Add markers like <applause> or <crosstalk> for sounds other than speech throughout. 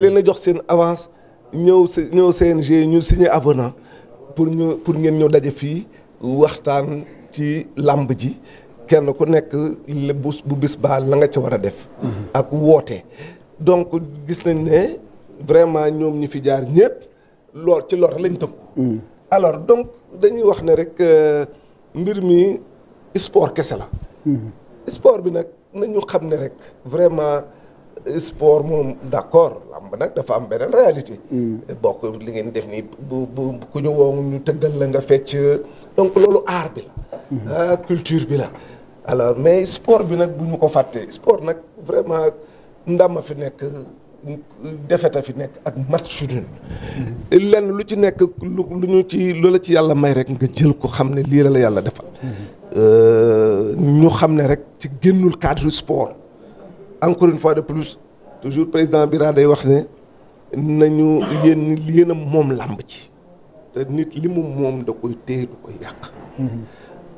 leen a jox seen avance ñëw ñëw CNG ñu signé avenant pour ñu pour ngeen ñëw daje fii waxtaan ci làmb ji kenn ku nekk bu bu bis baal la nga ca war a def. Mhm. ak woote. donc gis nañ ne vraiment ñoom ñi fi jaar ñëpp lool ci lor lañ tënku. Mhm. alors donc dañuy wax ne rek euh, mbir mi sport kese la. Mhm. sport bi nag nañu xam ne rek vraiment. sport moom d'accord lamb nag dafa am beneen réalité. Mm. bokk li ngeen def nii bu bu ku ñu woo ñu tëggal la nga fecc donc loolu aar bi la. Mm-hmm. Ah, culture bi la. alors mais sport bi nag bu ñu ko fàttee sport nag vraiment ndam a fi nekk defet a fi nekk ak match nul mm-hmm. lenn lu ci nekk lu lu ñu ci lu la ci yàlla may rek nga jël ko xam ne lii la la yàlla defal. Mm-hmm. Euh, ñu xam ne rek ci génnul cadre sport. encore fois de plus toujours président bi Bira day wax ne nañu yéen yéen a moom làmb ci te nit li mu moom da koy téye du koy yàq.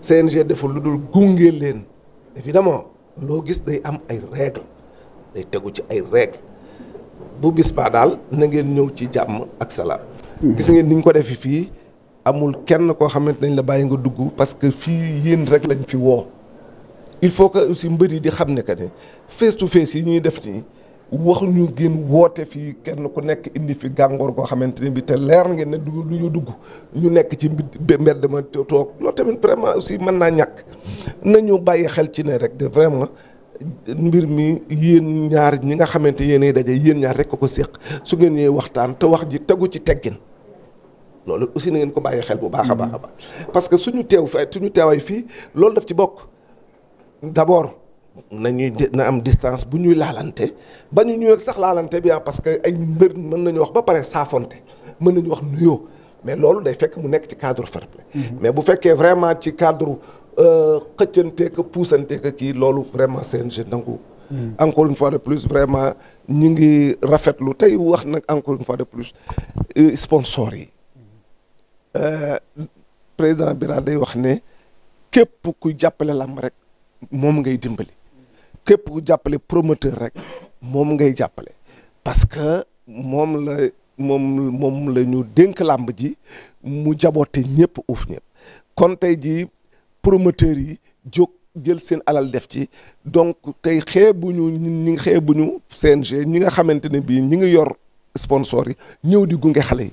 CNG deful lu dul gunge leen. évidemment loo gis day am ay règles day tegu ci ay règles bu bis baa daal na ngeen ñëw ci jàmm ak salaam. gis ngeen ni ñu ko defee fii amul kenn koo xamante nañ la bàyyi nga dugg parce que fii yéen rek lañ fi woo. il faut que aussi mbër yi di xam ne que ne face to face yi ñuy def nii wax ñu gën woote fii kenn ku nekk indi fi gàngoor goo xamante ne bi te leer ngeen ne du lu ñu dugg ñu nekk ci mbedd ma toog loo tamit vraiment aussi mën naa ñàkk nañu bàyyi xel ci ne rek de vraiment mbir mi yéen ñaar ñi nga xamante yéenay daje yéen ñaar rek ko ko séq su ngeen ñee waxtaan te wax ji tegu ci teggin loolu aussi na ngeen ko bàyyi xel bu baax a baax a baax parce que suñu teew fi suñu teewaay fii loolu daf ci bokk d'abord ñuy na am distance bu ñuy laalante ba ñu ñëwee sax laalante bi ah parce que ay mbër mën nañu wax ba pare saafonte mën nañu wax nuyoo mais loolu day fekk mu nekk ci cadre fair play mm-hmm. mais bu fekkee vraiment ci cadre euh, xëccante que puusante que kii loolu vraiment CNG nangu mm-hmm. encore une fois de plus vraiment ñi ngi rafetlu tey wax nag encore une fois de plus euh, sponsor yi mm-hmm. euh, président Bira day wax ne képp kuy jàppale làmb rek moom ngay dimbali képp ku jàppale promoteur rek moom ngay jàppale parce que moom la moom moom la ñu dénk làmb ji mu jaboote ñëpp uuf ñëpp kon tey jii promoteurs yi jóg jël seen alal def ci donc tey xeebuñu ñi xeebuñu CNG ñi nga xamante ne bii ñi ngi yor sponsor yi ñëw di gunge xale yi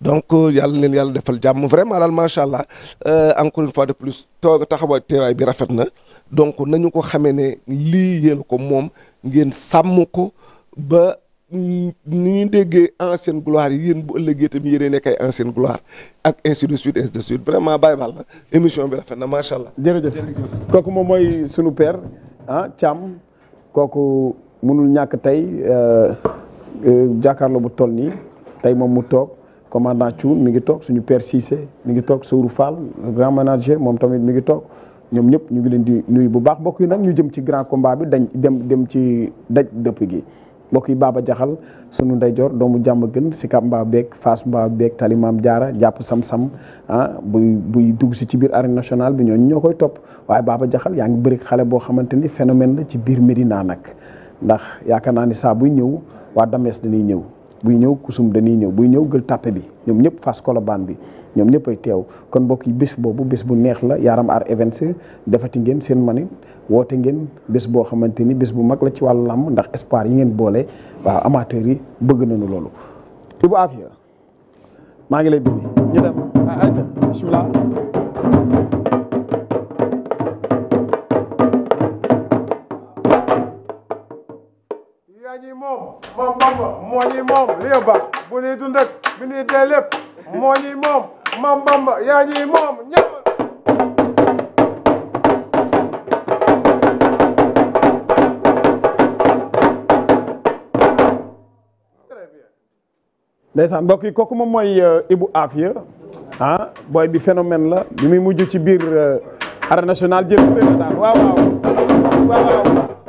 donc euh, yàlla leen yàlla defal jàmm vraiment daal macha allah euh, encore une fois de plus toog taxawaay teewaay bi rafet na. donc nañu ko xamee ne lii yéen ko moom ngeen sàmm ko ba ni ñu déggee ancienne gloire yi yéen bu ëllëgee tamit yéen nekk ay ancienne gloire ak ainsi de suite ainsi de suite vraiment Baye Balla émission bi rafet na macha allah. jërëjëf kooku moom mooy sunu père ah Thiam kooku mënul ñàkk tey euh, euh, jàkkaarloo bu toll nii tey moom mu toog commandant Thioune mi ngi toog suñu père Cissé mi ngi toog Sourou Fall grand manager moom tamit mi ngi toog. ñoom ñëpp ñu ngi leen di nuyu bu baax mbokk yi nag ñu jëm ci grand combat bi dañ dem dem ci daj dëpp gi mbokk yi Baba Jaxal sunu ndeyjoor doomu jàmm gën Sicap Mbao beeg fas Mbao beeg Tali Jaara jàpp sam-sam ah, buy buy dugg si ci biir arène nationale bi ñooñu ñoo koy topp waaye baaba Jaxal yaa ngi bëri xale boo xamante ni phénomène la ci biir Médina nag ndax yaakaar naa ni saa buy ñëw waa Dames dañuy ñëw buy ñëw kusum danuy ñëw buy ñëw gël tàppe bi ñoom ñëpp Fass Colobane bi ñoom ñëpp ay teew kon mbokk yi bés boobu bés bu neex la yaaram Art Events defati ngeen seen manit woote ngeen bés boo xamante ni bés bu mag la ci wàll làmb ndax espoir yi ngeen boole waaw amateurs yi bëgg nañu loolu. Ibou Afia maa ngi lay bëgg ñu dem ayca ah, bisimilah. ñuy moom moom Bamba moo moom lii bu ñuy dund ak bi dee lépp moo moom moom Bamba yaa ñuy moom ñëpp mbokk yi kooku moom mooy euh, Ibou Afia ah booy bi phénomène la bi muy mujj ci biir euh, arène nationale jël pré daan waaw waaw waaw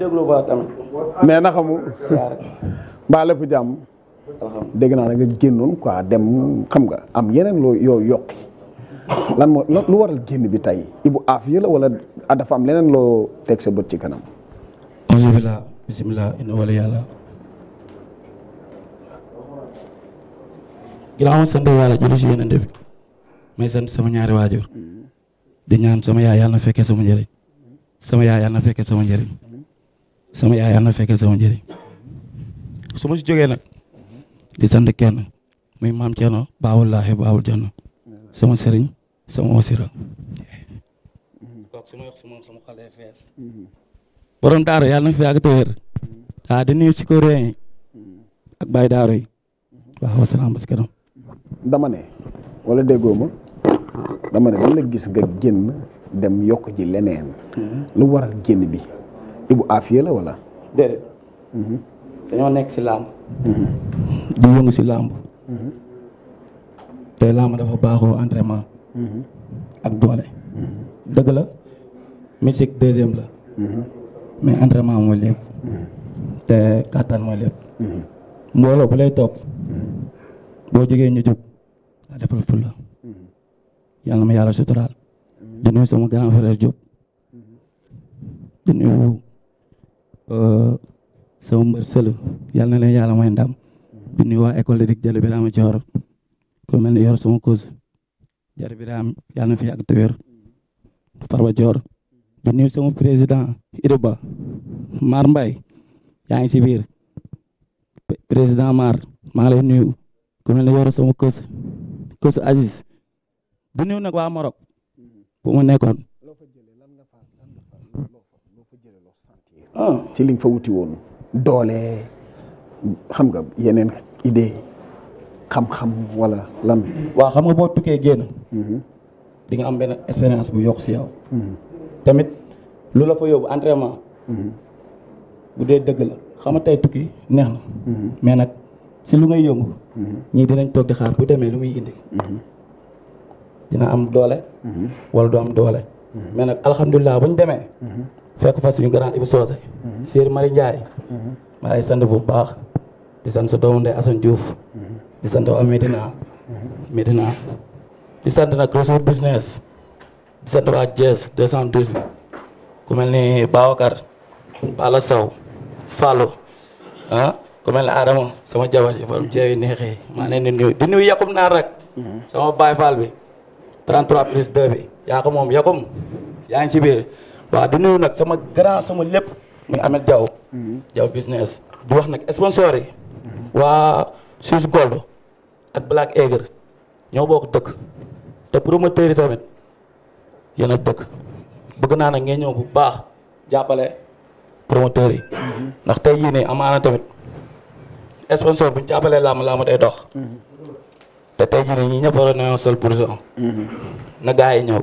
déglu ba tamit. mais na xamu ba lépp jàmm. alhamdulilah dégg naa da nga génnoon quoi dem xam nga am yeneen loo yoo yokki lan moo lu waral génn bi tey Ibou Afia la wala ah, dafa am leneen loo teg sa bët ci kanam. alhamdulilah bisimilah inna yàlla. ginnaaw ma sant yàlla def may sant sama ñaari waajur mm-hmm. di ñaan sama yaay yàlla na fekkee sama njëriñ sama yaay yàlla na fekkee sama njëriñ sama yaay yàlla fekk fekkee sama njëriñ su ma nag di sant kenn muy maam Thierno baawul laaxi baawul jann sama sëriñ sama wasira ma wax si moom sama xale fees borom daara yàlla fi yàgg te wér waaw di nuyu si ak baay daaro yi waaw wasalaam bas kanam dama wala déggoo ma dama ne gis nga génn dem yokk ji leneen hmm. lu waral génn bi Ibou Afia la wala. déedéet. Mhm. nekk si làmb. Mhm. di yëngu si làmb. Mhm. te làmb dafa baaxoo entraînement. ak doole. dëgg la musique deuxième la. mais entraînement mooy lépp. te kàttan mooy lépp. mbooloo bu lay topp. boo jógee ñu jóg a defal fulla yàlla na ma yàlla suturaal. di nuyu grand frère Diop. di Euh, sama mbër sëlu yàlla na leen yàlla may ndam di nuyu waa école dik jël biraama ci war ku mel yor sama cause jërë biraam yàlla na fi yàgg te joor di nuyu sama président Idouba Mar Mbaye yaa ngi si biir président Mar maa ngi lay nuyu ku yor sama cause cause Aziz di nuyu nag Morok bu ma nekkoon Ah. ci li nga fa wuti woon doole xam nga yeneen idée xam-xam wala lan. waaw xam nga boo tukkee génn. Mhm. di nga am benn expérience bu yokk si yow. Mhm. tamit lu la fa yóbbu entraînement. Mhm. bu dee dëgg la xam nga tey tukki neex na. mais nag si lu ngay yëngu. ñii dinañ toog di xaar bu demee lu muy indi. dina am doole. wala du am doole. mais nag alhamdulilah bu ñu demee. fekk fa suñu grand Ibou Socé. Mhm. Serigne Marie Ndiaye. Mhm. maa lay sant bu baax di sant sa doomu ndey Assane Diouf. Mhm. di sant waa Medina. di sant nag Resource Business. di sant waa Thiès 212 bi. ku ni Babacar. Bala Sow. Fallou. ah ku mel ni Adama sama jabar ji borom ceeb yi neexee ne di nuyu di nuyu Yakum naar rek. sama Baye Fall bi. 33 plus 2 bi yaa moom Yakum yaa ngi si waaw du nuyu nag sama grand sama lépp muy Ameth jaw Diaw business bu wax nag sponsor yi waa Suisse Gold ak Black Aigle ñoo bokk dëkk te promoteur yi tamit yéen dëkk bëgg naa nag ngay ñëw bu baax jàppale promoteur yi ndax tey yii ne amaana tamit sponsor bu ñu jàppalee làmb làmb day dox te tey jii ne ñi ñëpp war a nañoo sol pour mm-hmm. na gaa yi ñëw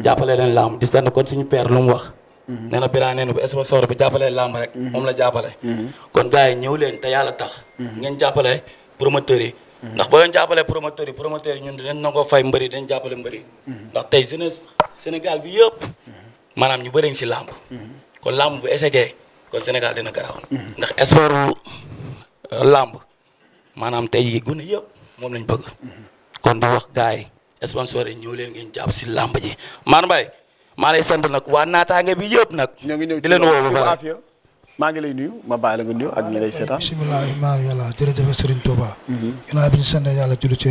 jàppale leen làmb di sant kon suñu père lu mu wax nee na biraa nee na bu bi jàppalee làmb rek moom la jàppale kon gars yi ñëw leen te yàlla tax ngeen jàppale promoteurs yi ndax boo leen jàppale promoteurs yi promoteurs yi ñun dinañ nangoo fay mbëri dañ jàppale mbëri ndax tey jeunesse Sénégal bi yëpp maanaam ñu bëriñ si làmb kon làmb bu échecgee kon Sénégal dina garaaw ndax espoir làmb maanaam tey gune yëpp moom lañ bëgg kon di wax gars sponsor yi ñëw leen ngeen jàpp si làmb ji Mar Mbaye maa lay sant nag waa naataange bi yëpp nag. ñoo ngi ñëw di leen woo maa ngi lay nuyu ma bàyyi la nga nuyu ak ñi lay seetaan. bisimilah maa yàlla jërëjëf Serigne Touba. Mhm. ginnaaw bi ñu sant yàlla julli ci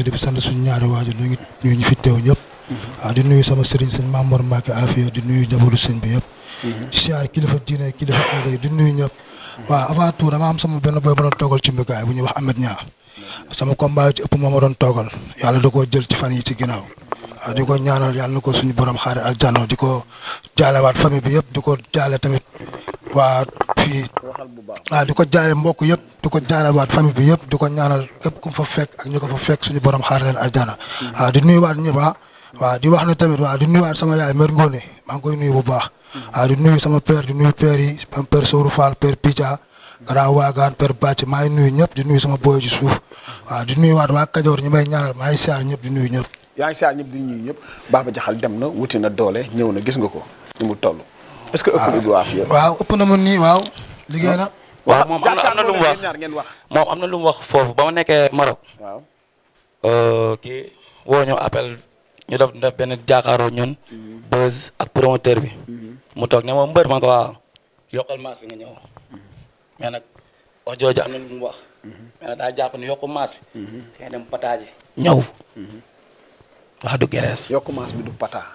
suñu ñaari waa ñu ngi ñu ñu fi teew ñëpp. waaw mhm. ah, di nuyu sama Serigne sëñ Mamor Mbacke Afia di nuyu njabootu sëñ bi yëpp. Mhm. siyaar kilifa diine kilifa aada yi di nuyu ñëpp. waaw avant tout dama am sama benn boy bu doon toogal ci mbikaay bu ñuy wax Amed Niang sama combat ci ëpp moo ma doon toogal yàlla da koo jël ci fan yi ci ginnaaw waaw di ko ñaanal yàlla na ko suñu borom xaare aljana di ko jaalewaat famille bi yëpp di ko jaale tamit waa di ko jaale mbokk yëpp di ko jaalewaat famille bi yëpp di ko ñaanal képp ku fa fekk ak ñu ko fa fekk suñu borom xaare leen aljana waaw di nuyuwaat ñëpp ah. waa di wax ne tamit waa di nuyuwaat sama yaay mère Ngoné maa ngi koy nuyu bu baax waaw di nuyu sama père di nuyu père yi sama père Sourou Fall père garaaw waagaan per bàcc maa ngi nuyu ñëpp di nuyu sama boy ci suuf waaw di nuyu waat waa Kajoor ñi may ñaanal maa ngi siyaar ñëpp di nuyu ñëpp yaa ngi siyaar ñëpp di nuyu ñëpp Baba Diakhal dem na wuti na doole ñëw na gis nga ko ni mu toll que ëpp na waaw ëpp na ma nii waaw liggéey na waaw ah, moom am na lu wax moom am na lu mu wax foofu ba nekkee Maroc waaw euh, kii woo ñu appel ñu def def benn jàkkaaroo ñun mhm. buzz ak promoteur bi mhm. mu toog ne moom mbër ma ko waaw yokkal maas bi nga ñëw mais nag wax jooju am na lu mu wax. daa jàpp ne yokku maas bi. te dem pataaji ñëw. Mm-hmm. wax du du pataa.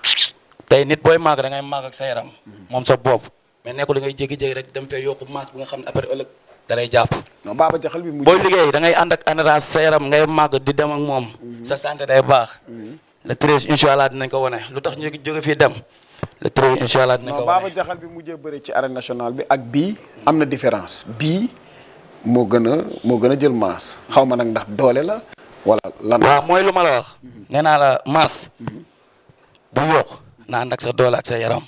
tey nit booy màgg da ngay sa yaram. moom sa bopp. mais nekkul da ngay jékki-jékki rek dem fee yokku maas bu nga xam ne après ëllëg da jàpp. non baaba jaxal bi mu. liggéey da ngay ànd ak ANRAS sa yaram ngay màgg di dem ak moom. Mm-hmm. sa santé day baax. Mm-hmm. le treize incha allah dinañ ko wane lu tax ñu jóge fii dem. le treize incha allah dina ko wane Baba Jaxal bi mujjee bëri ci arène nationale bi ak bii am na différence bii moo gën a moo gën a jël masse xaw ma nag ndax doole la wala lan. mooy lu ma la wax. nee naa la masse. bu yokk na ànd ak sa doole ak sa yaram.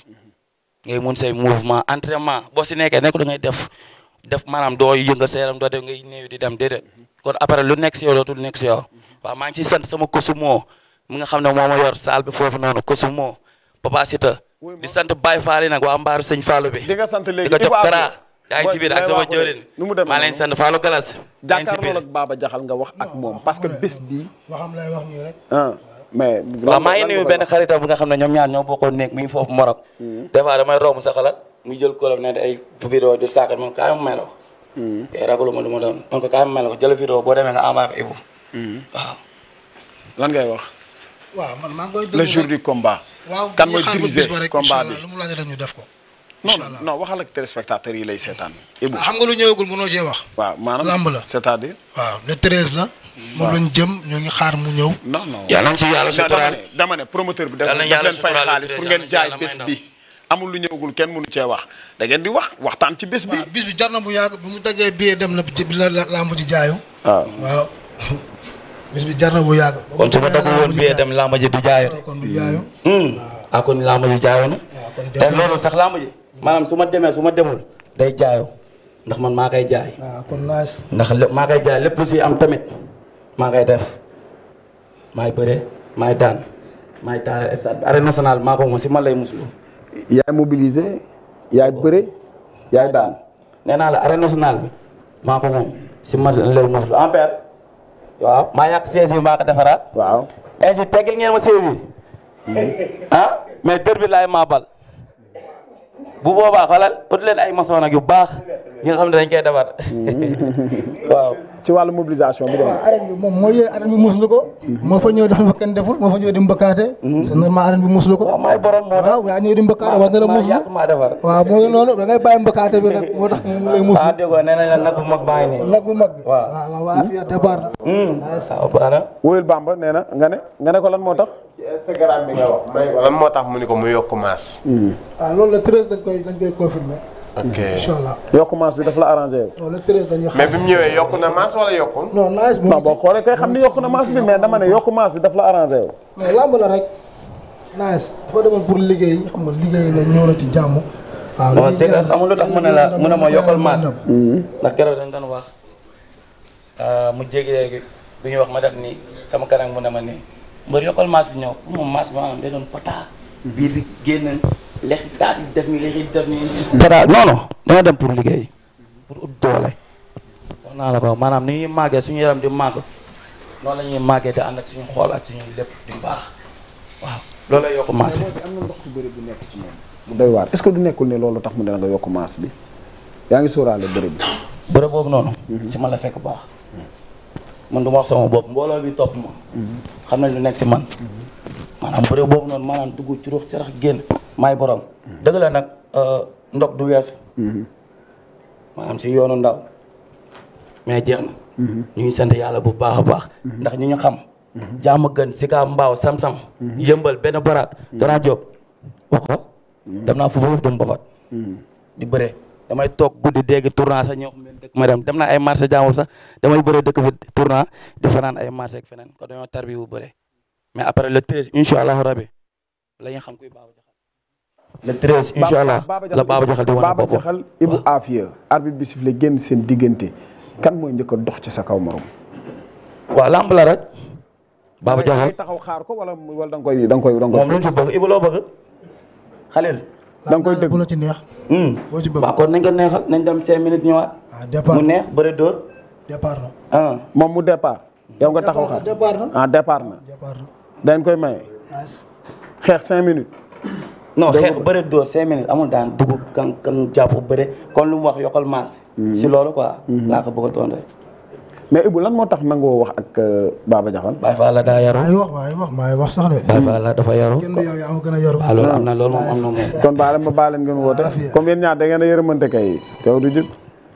ngay mun say mouvement entraînement boo si nekkee nekk da ngay def def maanaam doo yëngal sa yaram doo ngay néew di dem déedéet kon après lu nekk si yow dootul nekk si yow maa ngi ci sant sama moo mi nga xam ne moo ma yor saal bi foofu noonu kosumoo Papa Sita di sant Baye Fall yi nag waa Mbaaru sëñ Fallou bi. di nga sant léegi di ko jox Kara. yaa ngi si biir ak sama jëwrin maa leen sant Fallou Galas. Jaxal nga wax ak moom parce que bés bi waxam lay wax nii ah, benn xaritam bu nga xam ne ñoom ñaar ñoo bokkoon nekk mi ngi foofu Morok. Hmm. des fois damay romb sa xalaat muy jël kóolam ne ay vidéo jël saaka moom kaay ma may ko. te ma du ma doon man ko kaay ma may la ko jël vidéo boo nga envoyé ko Ibou. Hmm. waaw lan ngay wax waaw man maa ngi koy déglu le jour combat. waaw kan mooy diriger combat mu laaj ñu def ko. incha allah non non waxal ak téléspectateurs yi lay seetaan. Ah, Ibou xam nga lu ñëwagul mënoo cee wax. waaw maanaam lamb la c'est-à-dire. waaw le treize la. moom lañ jëm ñoo ngi xaar mu ñëw. non non yàlla ci yàlla suturaal dama ne promoteur bi daf leen fay xaalis pour ngeen jaay bés bi. amul lu ñëwagul kenn mënu cee wax da ngeen di wax waxtaan ci bés bi. bis bi jar na bu yàgg bu mu dajee billet dem la la lamb di jaayu. waaw waaw. bis bi jar na bu yàgg. kon su ma dagg woon biyee dem laa ma ji du jaayoo kon du jaayoo. Hmm. Ah, laa ma jaayoo na. te eh, loolu sax laa ma ji. maanaam su ma demee su ma demul day jaayoo ndax man maa koy jaay. waaw ndax maa koy jaay lépp lu si am tamit maa koy def maay bëre maay daan maay taare stade arène nationale maa ko moom si man lay muslu. yaay mobilisé yaay bëre yaay daan. nee la arène nationale bi moom si man lay muslu en waaw maa yàq siège bi maa ko defaraat. waaw ainsi eh, teggil ngeen ma siège hmm. ah mais dër bi laay maabal bu boobaa xoolal ut leen ay maçon yu baax ñi xam ne dañ koy defar hmm. <laughs> waaw. ci wàllu mobilisation bi. moom moo yëg arène bi muslu ko. moo fa ñëw def fa kenn deful moo fa ñëw di mbëkkaate. Mhm. c'est normal arène bi muslu ko. waaw mooy yaa ñëw di mbëkkaate war na la muslu. waaw moo ngi noonu da ngay bàyyi mbëkkaate bi nag mu mag baa ngi nii. nag bu mag bi waaw waaw waaw fii départ hmm. ah, na. waaw wóyul Bamba nee na nga ne nga ne ko lan moo tax. ci Instagram lan moo tax mu ni ko mu yokk maas. Hmm. loolu la treize dañ koy dañ koy ok incha allah. yokku masse bi dafa la arrangé. non le treize dañuy xam mais bi mu ñëwee yokku na masse wala yokkul. non naaj boobu boo bi mais dama ne la arrangé la rek naaj dafa demoon liggéey xam nga liggéey la ñëw na ci jàmm. waaw loolu c'est que amul lu tax mu ne la mu ne ma yokkal masse bi. Mm-hmm. ndax keroog dañ doon wax euh, mu jéggi léegi bi ñuy wax ma def nii sama kanam mu ne ma nii mbër yokkal masse bi ñëw pour moom masse bi maanaam day doon pota biir bi lex daal di def nii lex yi def nii. dara non non dama dem pour liggéey pour ut doole. wax naa la ko maanaam ni ñuy màggee suñu yaram di màgg noonu la ñuy màggee te ànd ak suñu xool ak suñu lépp di baax waaw loolu la yokk maas bi. am na ndox bu bëri bu nekk ci moom. mu doy waar est-ce que du nekkul ne loolu tax mu dana nga yokk maas bi yaa ngi sóoraale bëri bi. bëri boobu noonu. Mhm. si ma la fekk baax. man du ma wax sama bopp mbooloo bi topp ma. Mhm. xam nañ lu nekk si man. Mhm. maanaam bëri boobu noonu maanaam dugg ci ruux ci rax génn. maay borom. dëgg la nag euh, ndox du weesu. Mhm. maanaam si yoonu ndaw mais jeex na. Mhm. ñu ngi sant yàlla bu baax a baax. Mhm. ndax ñu ñu xam. jaam gan gën si kaa mbaaw sam-sam. yëmbal benn baraat. dara jóg wax ko. dem naa fu ba dum bafat di bëre damay toog guddi dégg tournant sax ñoo xam ne dëkk ma dem dem naa ay marché jaamul sax damay bëre dëkk bi tournant di naan ay marché ak feneen ko dañoo tarbi bu bëre mais après le treize incha allahu rabi la xam kuy baax le treize incha allah la Baba Jaxal di wane boppam Jaxal Ibu Afia arbitre bi sifflé génn seen diggante kan mooy njëkk a dox ci sa kaw morom. waaw lamb la rek. Baba Jaxal taxaw xaar ko wala wala da nga koy da nga koy da nga koy. moom lu ci koy dégg bu ci neex. boo hmm. ci bëgg kon nañ ko neexal nañ dem cinq minutes ñëwaat. ah départ mu neex bëre ah. moom mu départ. yow nga taxaw xaar départ na ah départ na. koy maye. xeex cinq minutes. non xeex bëre dóor cinq minutes amul daan dugub kan kan jàpp bëre kon lu wax yokkal maas mhm. si loolu quoi mhm. laa ko bëgg a tontu mais Ibou lan moo tax nangoo wax ak euh, Baba Diakhal Baye Fall la daa yaru maa ngi wax maa ngi wax maa ngi wax sax de Baye Fall la dafa yaru kenn du yow yaa a yaru waaw ah, loolu am na loolu moom am na kon baale ma baale ngeen ah, woote comme yéen ñaar da ngeen a yërëmante kay teew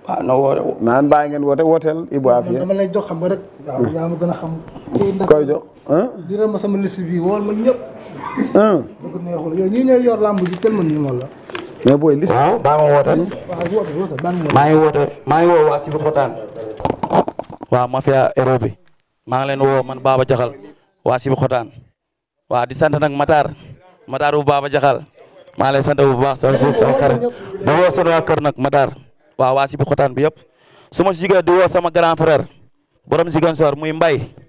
ah, na woote naan bàyyi ngeen woote wooteel Ibou Afia dama lay jox xam nga rek waaw yaa ma gën a ah. dëgg neexul ma nii moom maa ngi woote maa ngi woo waa bi maa ngi leen woo man Baba Jaxal waa Sibi Xotaan waa di sant nag Matar Matar bu Baba Jaxal maa ngi lay sant bu baax sama fils sama xarit di woo sama waa kër nag Matar waa waa Sibi Xotaan bi yëpp su ma si di woo sama grand frère borom Ziguinchor muy Mbaye.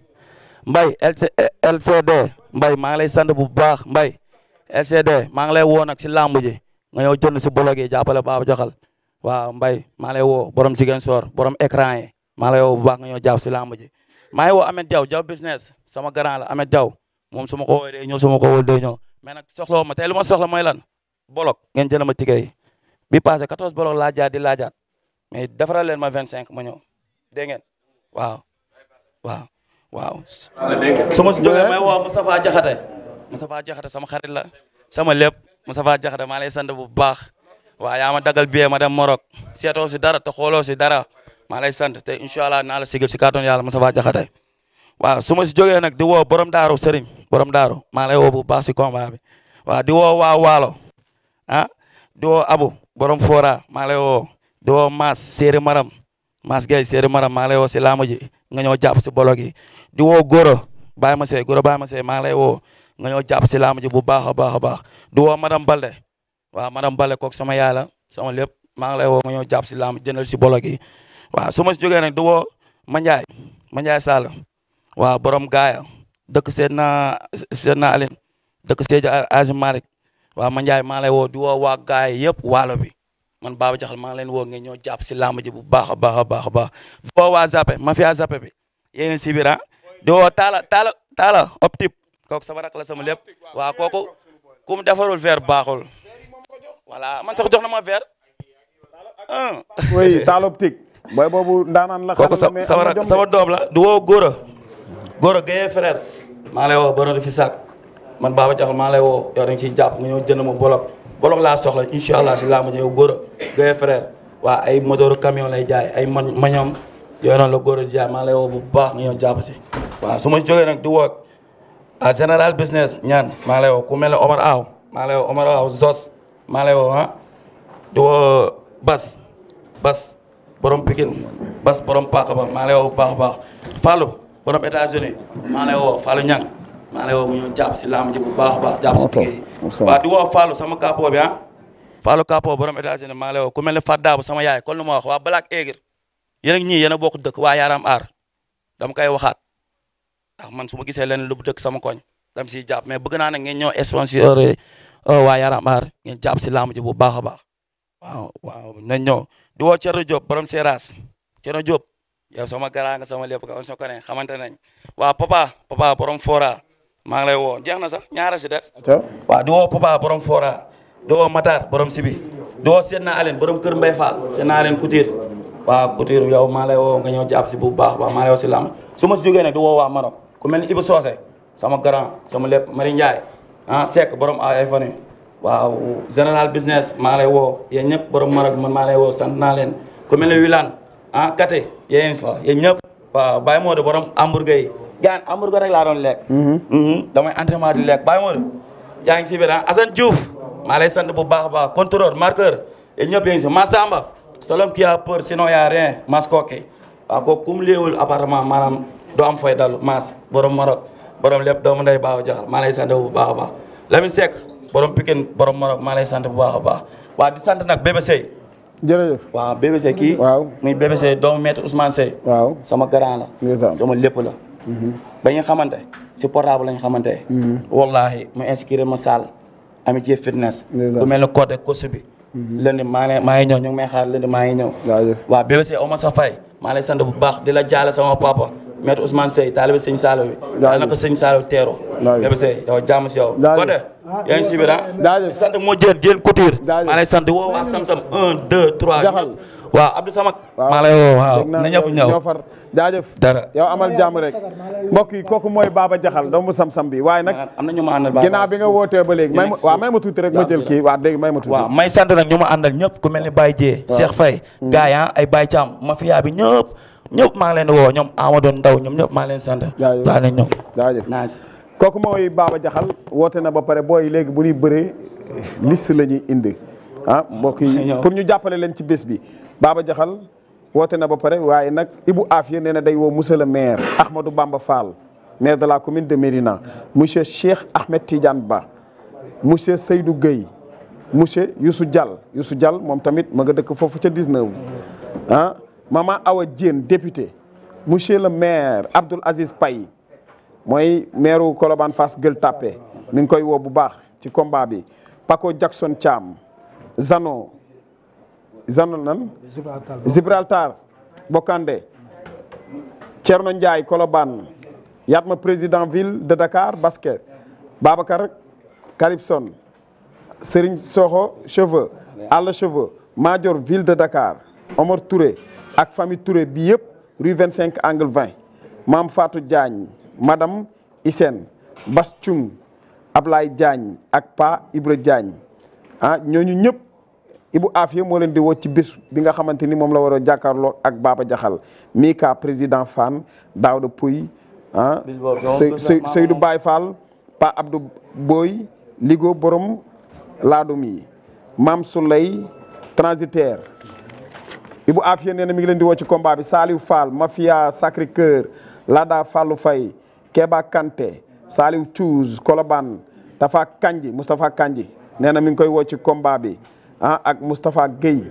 mbay LC LCD Mbaye maa ngi lay sant bu baax mbay LCD maa ngi lay woo nag si làmb ji nga ñëw jot si bolog yi jàppale Baba Jaxal waaw Mbaye maa ngi lay woo borom Ziguinchor borom écran yi maa lay woo bu baax nga ñëw jàpp si laamba ji maa ngi woo Ameth Diaw Diaw business sama grand la Ameth Diaw moom su ma ko woowee day ñëw su ma ko woowee day ñëw mais nag soxla ma tey lu ma soxla mooy lan bolog ngeen ma tigé bi passé 14 bolog laa jaat di laajaat mais defaral leen ma 25 ma ñëw dégg ngeen waaw. su ma si jógee may woo Moustapha Diakhaté Moustapha Diakhaté sama xarit la sama lépp Moustapha Diakhaté maa lay sant bu baax waaw yaa ma dagal billet ma dem Maroc seetoo si dara te xooloo si dara maa lay te incha allah naa si kàttan yàlla Moustapha Diakhaté waaw su ma si jógee nag di woo borom daaru Serigne borom daaru maa woo bu baax si combat bi waaw di woo waa Waalo ah di woo Abu borom Fora maa woo di woo Maas Séeri Maram Maas Gueye Séeri Maram maa lay nga ñoo jàpp si bolo gi di woo Gora bàyyi ma see Gora bàyyi ma maa lay woo nga ñoo jàpp si laamu ji bu baax a baax a baax di woo madame Balde waaw madame Balde kook sama yaay la sama lépp maa ngi lay woo nga ñoo jàpp si laamu jëndal si bolo gi waaw su ma si jógee nag di woo Mandiaye Mandiaye Sall waaw borom gaaya dëkk seet naa seet naa waaw Mandiaye maa lay woo di waa gaay yëpp waalo bi man Baba Diakhal maa ngi leen woo ngeen ñoo jàpp si làmb ji bu baax a baax a baax a baax boo waa zappe mafia zappe bi yéen si biir ah woo taala taala taala optip kooku sama rak la sama lépp waaw kooku ku mu defarul verre baaxul voilà man sax jox ma verre ah. oui taala optique booy boobu ndaanaan la. kooku sama sama sama doom la di woo Gora Gora Guèye frère maa lay woo borom fi saak man Baba Diakhal maa lay woo yow dañ siy jàpp nga ñëw jënd ma bolok. bolok laa soxla incha allah si laa ma ñëw góor a frère waa ay moteur camion lay jaay ay ma mañam yooyu la góor a jaay maa lay woo bu baax nga ñëw jàpp si waaw su ma jógee nag di woo à général business ñaan maa lay woo ku mel ne Omar Aw maa lay woo Omar Aw Zos maa lay woo ah di woo Bas Bas borom Pikine Bas borom Paaka maa lay woo baax baax Fallou borom États-Unis maa lay woo Fallou Niang maa lay woo mu ñëw jàpp si laamu ji bu baax a baax. jàpp si liggéey waaw di woo Fallou sama capot bi ah. Fallou capot borom États-Unis maa lay woo ku sama yaay kon lu ma wax waa Black Aigle yéen ak ñii yéen Yaram Aar dama koy waxaat ndax man su ma gisee leen lu dëkk sama koñ dam si jàpp mais bëgg naa nag ngeen ñëw sponsor euh, wa Yaram Aar ngeen jàpp si laamu ji bu baax a baax waaw waaw nañ ñëw di woo Thierno Diop borom Seras Thierno Diop yow sama garaa nga sama lépp nga on se connaît xamante nañ maa ngi woo jeex na sax ñaara si des. waaw di woo Papa borom Fora di woo Matar borom Sibi di woo Seydina Alène borom Kër Mbaye Fall Seydina Alène Couture waaw Couture yow maa lay woo nga ñëw jàpp si bu baax baax maa lay woo si làmb su ma si jógee nag di waa Maroc ku mel ni Ibou Socé sama grand sama lépp Mari Ndiaye ah Seck borom ay fan waaw général business maa lay woo yéen ñëpp borom Maroc man lay woo sant naa leen ku mel ni Wilane ah Kate yéen fa yéen gaan hamburger rek laa doon lekk. Mhm. Mhm. damay entraînement di lekk bàyyi ma yaa ngi si biir ah, Assane Diouf maa lay sant bu baax a baax contrôleur marqueur et ñëpp yéen si Massamba solom qui a peur sinon y a rien mas kooke waaw kooku kum léewul appartement maanaam doo am fooy mas borom Maroc borom lépp doomu ndey baax a jaxal maa lay sant bu baax a baax Lamine Seck borom Pikine borom Maroc maa lay sant bu baax a baax waa di sant nag bébé Sey jërëjëf waaw bébé Sey kii muy bébé Sey doomu maître sama grand la ba ñu xamante si portable lañ xamante mm-hmm. wallahi mu inscrire ma salle amitié fitness ku mel ne côté course bi mm-hmm. lënd maa ne maa ngi ñëw ñu ngi may xaar lënd maa ngi ñëw waaw BBC Omar sa fay maa lay sant bu baax di la jaale sama papa maître Ousmane Seye taalibe sëñ Saloum bi daa na ko sëñ Saloum teeroo BBC yow jàmm si yow côté ah, yaa ngi si biir ah sant moo jël jël couture maa lay sant woo waa sam-sam un deux trois waaw Abdou Samak. maa lay woo waaw na ñëpp ñëw ñoo jaajëf. dara yow amal jàmm rek mbokk yi kooku mooy Baba Jaxal doomu Samsam bi waaye nag. am na ñu ma àndal Baba bi nga wootee ba léegi. may ma waaw may ma tuuti rek ma jël kii waaw dégg may ma may sant nag ñu ma àndal ñëpp ku mel ni Baye Dieng. waaw Cheikh Faye. Mm. Ah, ay Baye Thiam mafia bi ñëpp. ñëpp maa leen di woo ñoom Amadou Ndaw ñoom ñëpp maa ngi leen sant. jaajëf waaw nañ ñëw jaajëf. kooku mooy Baba Jaxal woote na ba pare booy léegi bu ñuy bëree liste la ñuy indi ah mbokk yi <laughs> pour ñu jàppale leen ci bés bi Baba Jaxal woote na ba pare waaye nag Ibou Afia nee na day woo monsieur le maire Ahmadou Bamba Fall maire de la commune de Médina monsieur Cheikh Ahmed Tidiane Ba monsieur Seydou Gueye monsieur Youssou Diall Youssou Diall moom tamit ma nga dëkk foofu ca 19 ah maman Awa Diène député monsieur le maire Abdoul Aziz Paye mooy maireu Colobane Fass Gueule Tapée mi ngi koy woo bu baax ci combat bi pako Jackson Thiam Zano zano nan Gibraltar Bokande Thierno Ndiaye Colobane Yatma président ville de Dakar basket Babacar Calypson Serigne Soxo cheveux Alla cheveu Madior ville de Dakar Omar Touré ak famille Touré bi yëpp rue 25 angle 20 Mame Fatou Diagne madame Isen Bass Thioung Ablaye ak Pa Ibra Diagne ah ñooñu ñëpp Ibu Afia moo leen di woo ci bés bi nga xamante ni moom la war a jàkkaarloo ak Baba Jaxal ka président Fann Daouda Pouy ah Seydou Baye Fall Pa Abdou Boy Ligo borom laadum yi Maam Souley transitaire Ibu Afia nee na mi ngi leen di woo ci combat bi Saliou Fall Mafia Sacré fay Lada Fallou Faye Keba Kanté Saliou Thiouz Koloban Tafa Kanji Moustapha Kanji nee na mi ngi koy woo ci combat bi ah ak Moustapha Guèye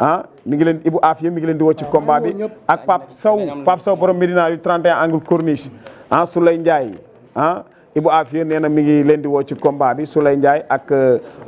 ah mi ngi leen Ibou Afia mi ngi leen di woo ci combat bi ak Pape Sow Pape Sow borom Médina rue 31 angle Corniche ah Souley Ndiaye ah Ibou Afia nee na mi ngi leen di woo ci combat bi Souley Ndiaye ak. Euh,